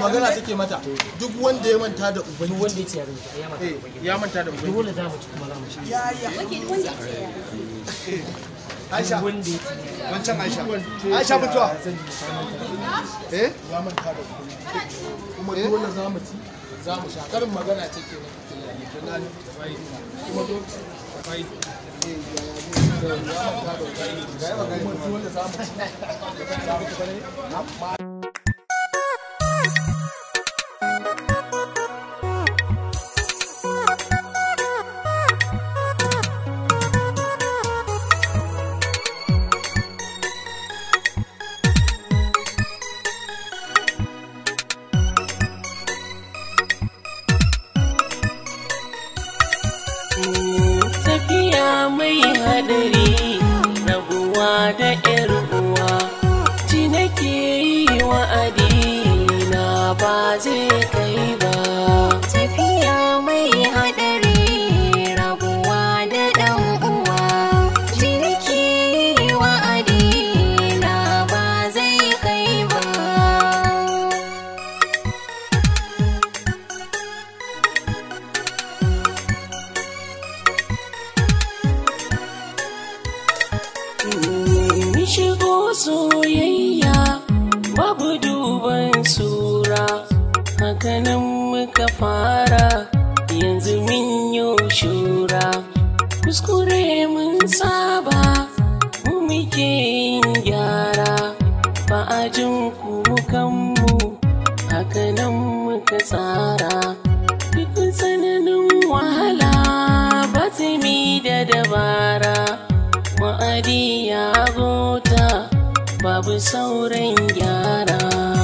magana take mata duk wanda ya manta da ubangiji wanda ya manta da ubangiji dole za mu ci kuma za mu sha ya ya Aisha wancan Aisha Aisha mutuwa eh ya manta da kuma dole za mu ci za mu sha karin magana take kuma dole Thank you. cuta mai haɗari rabuwa da ‘yar uwa ci nake yi wa'adi na ba zai haka nan muka fara yanzu min yi shura kuskure mun saba mu muke yin gyara ba a jin kukanmu haka nan muka tsara duk tsananin wahala batumi da dabara ma'adi ya gota babu sauran gyara